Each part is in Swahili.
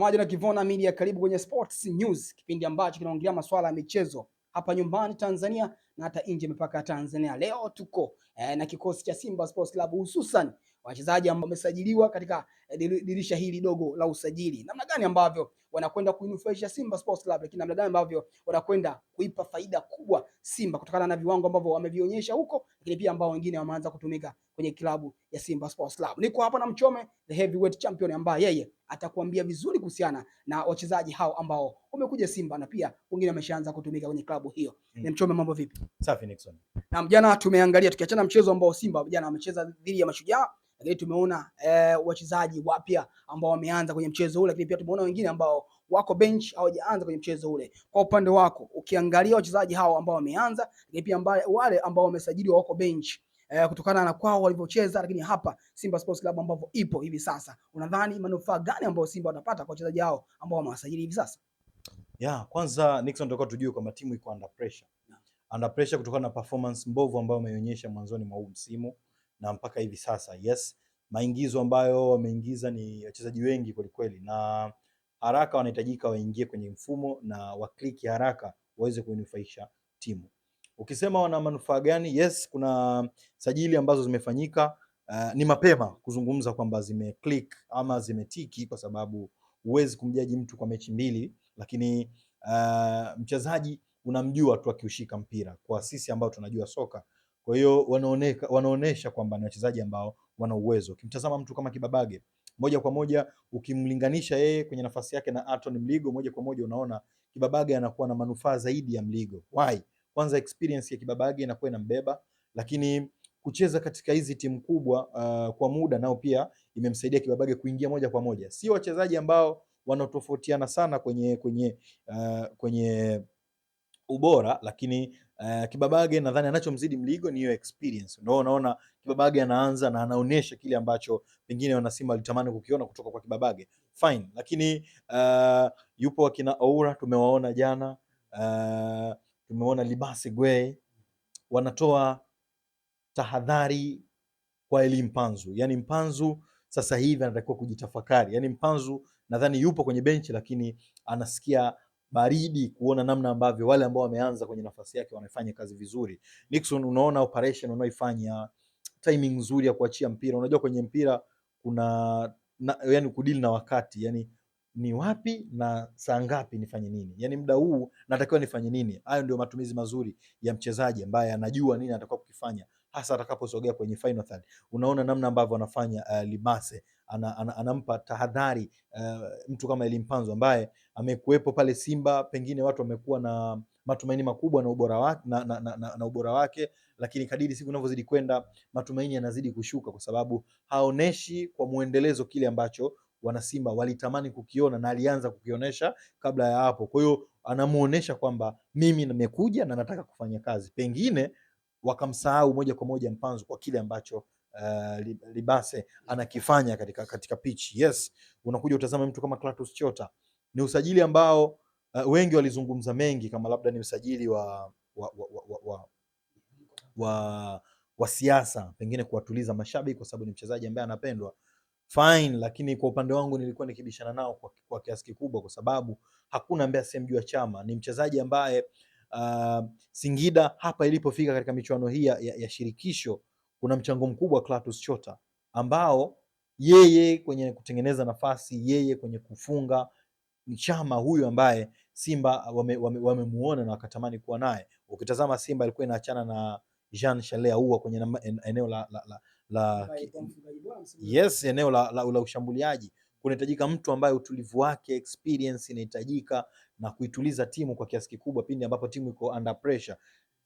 Mtazamaji na Kivona Media, karibu kwenye Sports News, kipindi ambacho kinaongelea masuala ya michezo hapa nyumbani Tanzania na hata nje mipaka ya Tanzania. Leo tuko eh, na kikosi cha Simba Sports Club, hususan wachezaji ambao wamesajiliwa katika eh, dirisha hili dogo la usajili, namna gani ambavyo wanakwenda kuinufaisha Simba Sports Club, lakini namna gani ambavyo wanakwenda kuipa faida kubwa Simba kutokana na viwango ambavyo wamevionyesha huko, lakini pia ambao wengine wameanza kutumika kwenye klabu ya Simba Sports Club. Niko hapa na Mchome the heavyweight champion, ambaye yeye atakuambia vizuri kuhusiana na wachezaji hao ambao wamekuja Simba na pia wengine wameshaanza kutumika kwenye klabu hiyo. Mm. Ni Mchome, mambo vipi? Safi Nixon. Na jana tumeangalia tukiachana mchezo ambao Simba jana wamecheza dhidi ya Mashujaa lakini tumeona eh, wachezaji wapya ambao wameanza kwenye mchezo ule, lakini pia tumeona wengine ambao wako bench hawajaanza kwenye mchezo ule. Kwa upande wako ukiangalia wachezaji hao ambao wameanza, lakini pia wale ambao wamesajiliwa wako bench eh, kutokana na kwao walivyocheza, lakini hapa Simba Sports Club ambapo ipo hivi sasa, unadhani manufaa gani ambayo Simba watapata kwa wachezaji hao ambao wamewasajili hivi sasa? Yeah, kwanza Nixon, tutakuwa tujue kwamba timu iko under pressure. Under pressure kutokana na performance mbovu ambayo ameonyesha mwanzoni mwa huu msimu na mpaka hivi sasa yes, maingizo ambayo wameingiza ni wachezaji wengi kwelikweli, na haraka wanahitajika waingie kwenye mfumo na wakliki haraka waweze kunufaisha timu. Ukisema wana manufaa gani? Yes, kuna sajili ambazo zimefanyika. Uh, ni mapema kuzungumza kwamba zimeclick ama zimetiki kwa sababu huwezi kumjaji mtu kwa mechi mbili, lakini uh, mchezaji unamjua tu akiushika mpira. Kwa sisi ambao tunajua soka kwa hiyo wanaonesha kwamba ni wachezaji ambao wana uwezo. Ukimtazama mtu kama Kibabage moja kwa moja ukimlinganisha yeye kwenye nafasi yake na Anton Mligo, moja kwa moja unaona Kibabage anakuwa na manufaa zaidi ya Mligo. Why? Kwanza experience ya Kibabage inakuwa inambeba, lakini kucheza katika hizi timu kubwa uh, kwa muda nao pia imemsaidia Kibabage kuingia moja kwa moja. Sio wachezaji ambao wanatofautiana sana kwenye kwenye uh, kwenye ubora, lakini Uh, Kibabage nadhani anachomzidi Mligo ni hiyo experience. Ndio unaona Kibabage anaanza na anaonyesha kile ambacho pengine Simba walitamani kukiona kutoka kwa Kibabage. Fine. Lakini uh, yupo akina Aura tumewaona jana uh, eh, tumeona Libasi Gwe wanatoa tahadhari kwa Eli Mpanzu. Yaani Mpanzu sasa hivi anatakiwa kujitafakari. Yaani Mpanzu nadhani yupo kwenye benchi lakini anasikia baridi kuona namna ambavyo wale ambao wameanza kwenye nafasi yake wanafanya kazi vizuri. Nixon, unaona operation unaoifanya, timing nzuri ya kuachia mpira. Unajua kwenye mpira kuna na, yani kudili na wakati yani ni wapi na saa ngapi nifanye nini, yani muda huu natakiwa nifanye nini. Hayo ndio matumizi mazuri ya mchezaji ambaye anajua nini atakuwa kukifanya hasa atakaposogea kwenye final third. Unaona namna ambavyo anafanya uh, eh, Limase ana, ana, anampa tahadhari uh, mtu kama Elimpanzo ambaye amekuwepo pale Simba, pengine watu wamekuwa na matumaini makubwa na ubora wake, na, na, na, na, na ubora wake, lakini kadiri siku inavyozidi kwenda matumaini yanazidi kushuka, kwa sababu haoneshi kwa mwendelezo kile ambacho wanasimba walitamani kukiona na alianza kukionyesha kabla ya hapo. Kwa hiyo anamuonesha kwamba mimi nimekuja na nataka kufanya kazi pengine wakamsahau moja kwa moja Mpanzu kwa kile ambacho Uh, Libase anakifanya katika, katika pitch. Yes, unakuja utazama mtu kama Clatous Chota, ni usajili ambao uh, wengi walizungumza mengi kama labda ni usajili wa, wa, wa, wa, wa, wa, wa siasa, pengine kuwatuliza mashabiki kwa sababu ni mchezaji ambaye anapendwa fine, lakini kwa upande wangu nilikuwa nikibishana nao kwa, kwa kiasi kikubwa, kwa sababu hakuna ambaye asiyemjua Chama. Ni mchezaji ambaye uh, Singida hapa ilipofika katika michuano hii ya, ya shirikisho kuna mchango mkubwa Clatous Chota ambao yeye kwenye kutengeneza nafasi, yeye kwenye kufunga chama huyu ambaye Simba wamemuona wame, wame na wakatamani kuwa naye. Ukitazama Simba ilikuwa inaachana na Jean Chalea huwa kwenye eneo la, la, la, la, yes, eneo la, la, la ushambuliaji kunahitajika mtu ambaye utulivu wake experience inahitajika na kuituliza timu kwa kiasi kikubwa pindi ambapo timu iko under pressure.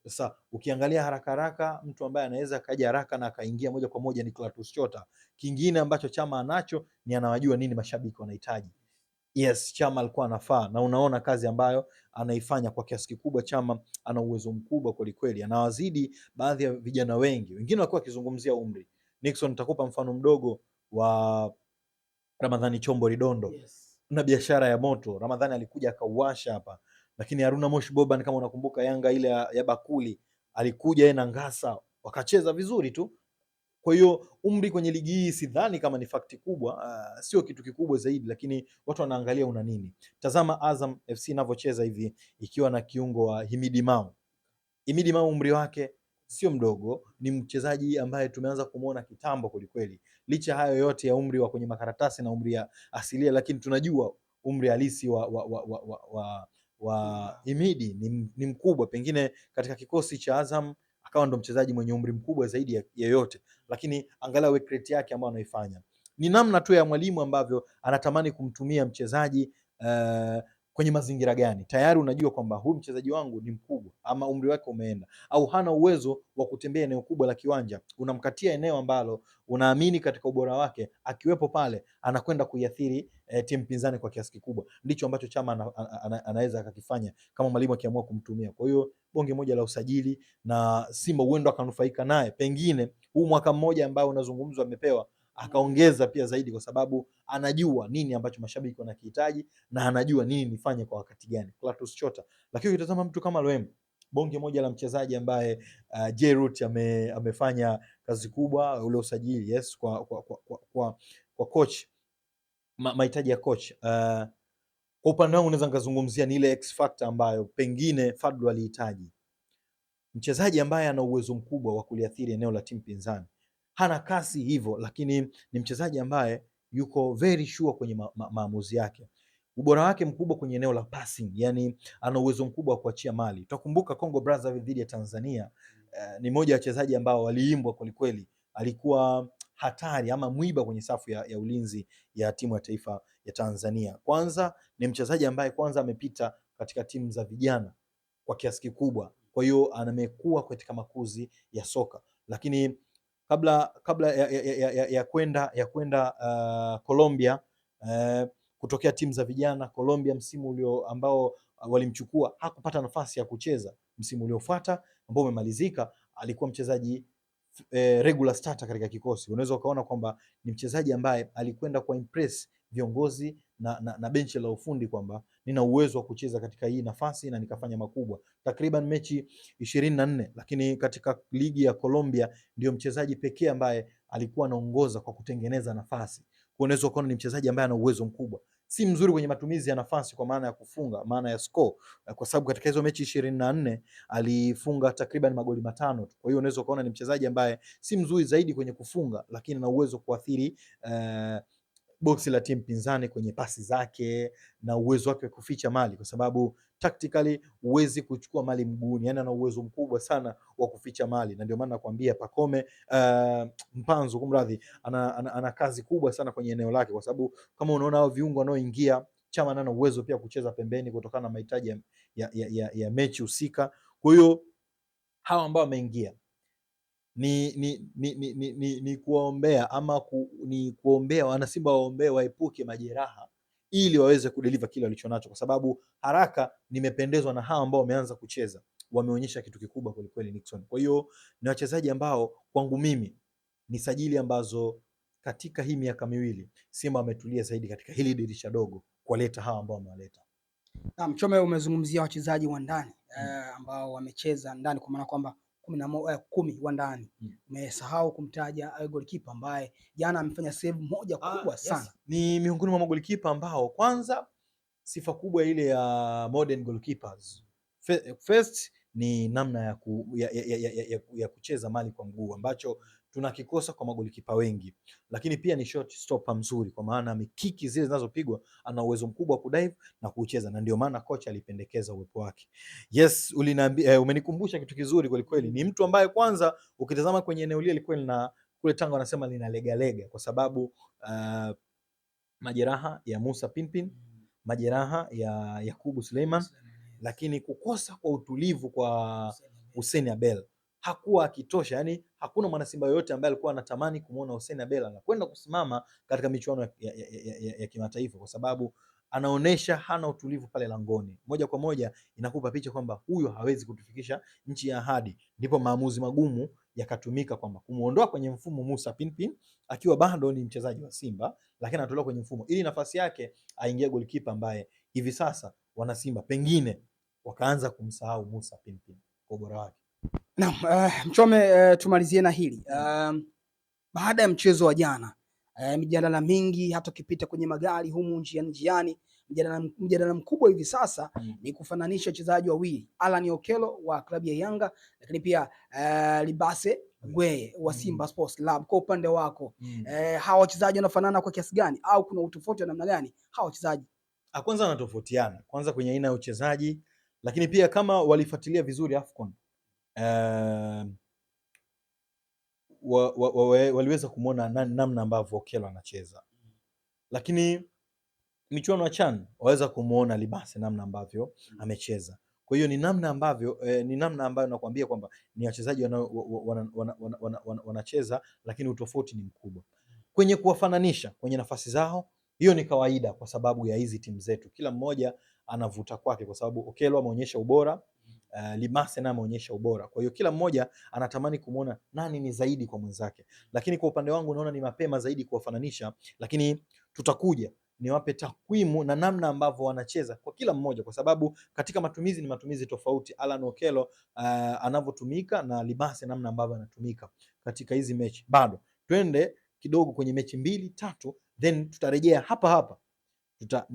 Sasa ukiangalia haraka haraka, mtu ambaye anaweza akaja haraka na akaingia moja kwa moja ni Clatous Chota. Kingine ambacho Chama anacho ni anawajua nini mashabiki wanahitaji. Yes, Chama alikuwa anafaa, na unaona kazi ambayo anaifanya kwa kiasi kikubwa. Chama ana uwezo mkubwa kwelikweli, anawazidi baadhi ya vijana wengi, wengine walikuwa wakizungumzia umri. Nixon, nitakupa mfano mdogo wa Ramadhani Chombo Ridondo, yes tuna biashara ya moto. Ramadhani alikuja akauwasha hapa, lakini Haruna Moshi Boban, kama unakumbuka Yanga ile ya bakuli, alikuja yeye na Ngasa wakacheza vizuri tu. Kwa hiyo umri kwenye ligi hii sidhani kama ni fakti kubwa, uh, sio kitu kikubwa zaidi, lakini watu wanaangalia una nini. Tazama Azam FC inavyocheza hivi ikiwa na kiungo wa Himidi Mau. Himidi Mau umri wake sio mdogo, ni mchezaji ambaye tumeanza kumwona kitambo kwelikweli. Licha hayo yote ya umri wa kwenye makaratasi na umri ya asilia, lakini tunajua umri halisi wa, wa, wa, wa, wa, wa, wa Himidi ni, ni mkubwa. Pengine katika kikosi cha Azam akawa ndo mchezaji mwenye umri mkubwa zaidi yeyote, lakini angalau kreti yake ambayo anaifanya ni namna tu ya mwalimu ambavyo anatamani kumtumia mchezaji uh, kwenye mazingira gani. Tayari unajua kwamba huyu mchezaji wangu ni mkubwa ama umri wake umeenda au hana uwezo wa kutembea eneo kubwa la kiwanja, unamkatia eneo ambalo unaamini katika ubora wake, akiwepo pale anakwenda kuiathiri e, timu pinzani kwa kiasi kikubwa. Ndicho ambacho Chama anaweza ana, ana, anaweza akakifanya kama mwalimu akiamua kumtumia. Kwa hiyo bonge moja la usajili na Simba huenda akanufaika naye, pengine huu mwaka mmoja ambao unazungumzwa amepewa akaongeza pia zaidi, kwa sababu anajua nini ambacho mashabiki wanakihitaji na anajua nini nifanye kwa wakati gani, Clatous Chota. Lakini ukitazama mtu kama Loem, bonge moja la mchezaji ambaye uh, Jerut ame, amefanya kazi kubwa ule usajili yes, kwa kwa kwa, kwa, kwa, kwa coach mahitaji ya coach uh, kwa upande wangu naweza nikazungumzia ni ile X factor ambayo pengine Fadlu alihitaji, mchezaji ambaye ana uwezo mkubwa wa kuliathiri eneo la timu pinzani hana kasi hivyo, lakini ni mchezaji ambaye yuko very sure kwenye ma ma maamuzi yake. Ubora wake mkubwa kwenye eneo la passing, yani ana uwezo mkubwa wa kuachia mali. Tutakumbuka Congo Brazzaville dhidi ya Tanzania uh, ni mmoja ya wachezaji ambao waliimbwa kwelikweli, alikuwa hatari ama mwiba kwenye safu ya, ya ulinzi ya timu ya taifa ya Tanzania. Kwanza ni mchezaji ambaye kwanza amepita katika timu za vijana kwa kiasi kikubwa, kwa hiyo amekuwa katika makuzi ya soka, lakini kabla kabla ya, ya, ya, ya, ya kwenda ya kwenda uh, Colombia uh, kutokea timu za vijana Colombia msimu ulio ambao uh, walimchukua hakupata nafasi ya kucheza. Msimu uliofuata ambao umemalizika alikuwa mchezaji eh, regular starter katika kikosi. Unaweza ukaona kwamba ni mchezaji ambaye alikwenda kwa impress viongozi na, na, na benchi la ufundi kwamba nina uwezo wa kucheza katika hii nafasi na nikafanya makubwa. Takriban mechi ishirini na nne, lakini katika ligi ya Colombia ndio mchezaji pekee ambaye alikuwa anaongoza kwa kutengeneza nafasi. Unaweza kuona ni mchezaji ambaye ana uwezo mkubwa, si mzuri kwenye matumizi ya nafasi kwa maana ya kufunga, maana ya score, kwa sababu katika hizo mechi ishirini na nne alifunga takriban magoli matano tu. Kwa hiyo unaweza kuona ni mchezaji ambaye si mzuri zaidi kwenye kufunga, lakini ana uwezo kuathiri eh, boksi la timu pinzani kwenye pasi zake na uwezo wake wa kuficha mali, kwa sababu tactically huwezi kuchukua mali mguuni. Yani ana uwezo mkubwa sana wa kuficha mali, na ndio maana nakwambia Pacome uh, Mpanzu kumradhi, ana, ana, ana kazi kubwa sana kwenye eneo lake, kwa sababu kama unaona hao viungo wanaoingia Chama nana uwezo pia kucheza pembeni kutokana na mahitaji ya, ya, ya, ya mechi husika. Kwa hiyo hawa ambao wameingia ni ni ni ni ni ni ni kuwaombea ama ku, ni kuombea wanasimba waombee waepuke majeraha ili waweze kudeliva kile walichonacho, kwa sababu haraka, nimependezwa na hawa ambao wameanza kucheza, wameonyesha kitu kikubwa kwelikweli Nixon. Kwa hiyo ni wachezaji ambao kwangu mimi ni sajili ambazo katika hii miaka miwili Simba wametulia zaidi katika hili dirisha dogo kuwaleta hawa ambao wamewaleta. Naam, Chome, umezungumzia wachezaji wa ndani hmm, eh, ambao wamecheza ndani kwa maana kwamba kumi na moja eh, kumi wa ndani. Hmm. Umesahau mm. kumtaja eh, goalkeeper ambaye jana amefanya save moja ah, kubwa ah, sana yes. Ni miongoni mwa magolikipa ambao kwanza sifa kubwa ile ya modern goalkeepers. Eh, first ni namna ya, ku, ya, ya, ya, ya, ya, ya kucheza mali kwa mguu ambacho tunakikosa kwa magolikipa wengi, lakini pia ni short stopper mzuri, kwa maana mikiki zile zinazopigwa ana uwezo mkubwa wa kudive na kucheza, na ndio maana kocha alipendekeza uwepo wake. Yes, uliniambia, eh, umenikumbusha kitu kizuri kweli kweli. Ni mtu ambaye kwanza ukitazama kwenye eneo lile lilikuwa lina kule Tanga wanasema linalegalega kwa sababu uh, majeraha ya Musa Pinpin, majeraha ya Yakubu Suleiman, lakini kukosa kwa utulivu kwa Hussein Abel hakuwa akitosha, yani hakuna mwanasimba yoyote ambaye alikuwa anatamani kumwona Hussein Abel anakwenda kusimama katika michuano ya, ya, ya, ya, ya kimataifa kwa sababu anaonesha hana utulivu pale langoni. Moja kwa moja inakupa picha kwamba huyo hawezi kutufikisha nchi ya ahadi. Ndipo maamuzi magumu yakatumika kwamba kumuondoa kwenye mfumo Musa Pinpin akiwa bado ni mchezaji wa Simba, lakini anatolewa kwenye mfumo ili nafasi yake aingie golikipa ambaye hivi sasa Simba pengine wakaanza kumsahau Musa Pinpin kwa ubora wake. Na, uh, eh, Mchome uh, tumalizie na hili uh, baada ya mchezo wa jana uh, mijadala mingi hata ukipita kwenye magari humu njiani njiani, mjadala, mjadala mkubwa hivi sasa mm. ni kufananisha wachezaji wawili Alan Okello wa klabu ya Yanga, lakini pia uh, Libase Gweye wa mm. Simba mm, Sports Club. Kwa upande wako mm. uh, hawa wachezaji wanafanana kwa kiasi gani au kuna utofauti wa namna gani hawa wachezaji? Ah, kwanza wanatofautiana kwanza kwenye aina ya uchezaji, lakini pia kama walifuatilia vizuri AFCON wa, wa, wa, waliweza kumwona namna ambavyo Okello anacheza, lakini michuano ya CHAN waweza kumwona Libase namna ambavyo mm. amecheza. Kwa hiyo ni namna ambavyo eh, ni namna ambayo nakwambia kwamba ni wachezaji wanacheza wana, wana, wana, wana, wana, wana, lakini utofauti ni mkubwa kwenye kuwafananisha kwenye nafasi zao. Hiyo ni kawaida kwa sababu ya hizi timu zetu, kila mmoja anavuta kwake, kwa sababu Okello ameonyesha ubora uh, eh, Limasena ameonyesha ubora. Kwa hiyo kila mmoja anatamani kumwona nani ni zaidi kwa mwenzake, lakini kwa upande wangu naona ni mapema zaidi kuwafananisha, lakini tutakuja niwape takwimu na namna ambavyo wanacheza kwa kila mmoja, kwa sababu katika matumizi ni matumizi tofauti. Alan Okello uh, anavyotumika na Libase namna ambavyo anatumika katika hizi mechi. Bado twende kidogo kwenye mechi mbili tatu, then tutarejea hapa hapa tuta,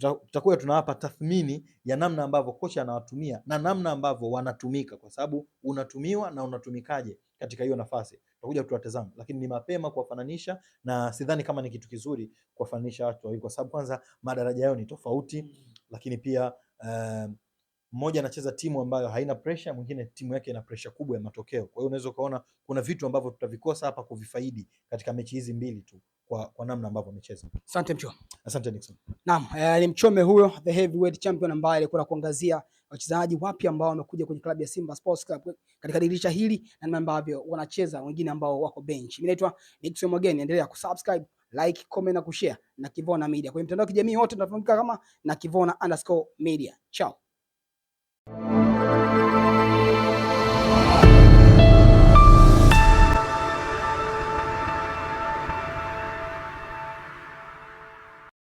tutakuwa tunawapa tathmini ya namna ambavyo kocha anawatumia na namna ambavyo wanatumika, kwa sababu unatumiwa na unatumikaje katika hiyo nafasi tutakuja tuwatazama, lakini ni mapema kuwafananisha, na sidhani kama ni kitu kizuri kuwafananisha watu wawili, kwa sababu kwanza madaraja yao ni tofauti, lakini pia eh, mmoja anacheza timu ambayo haina pressure, mwingine timu yake ina pressure kubwa ya matokeo. Kwa hiyo unaweza ukaona kuna vitu ambavyo tutavikosa hapa kuvifaidi katika mechi hizi mbili tu kwa, kwa namna ambavyo amecheza. Asante Mchome. Asante Nixon. Naam, eh, ni Mchome huyo the heavyweight champion ambaye alikuwa kuangazia wachezaji wapya ambao wamekuja kwenye klabu ya Simba Sports Club katika dirisha hili na namna ambavyo wanacheza wengine ambao wako bench. Mimi naitwa Nixon Mwageni, endelea kusubscribe, like, comment na kushare na Kivona Media. Kwenye mtandao wa kijamii wote tunafahamika kama na Kivona underscore media. Ciao.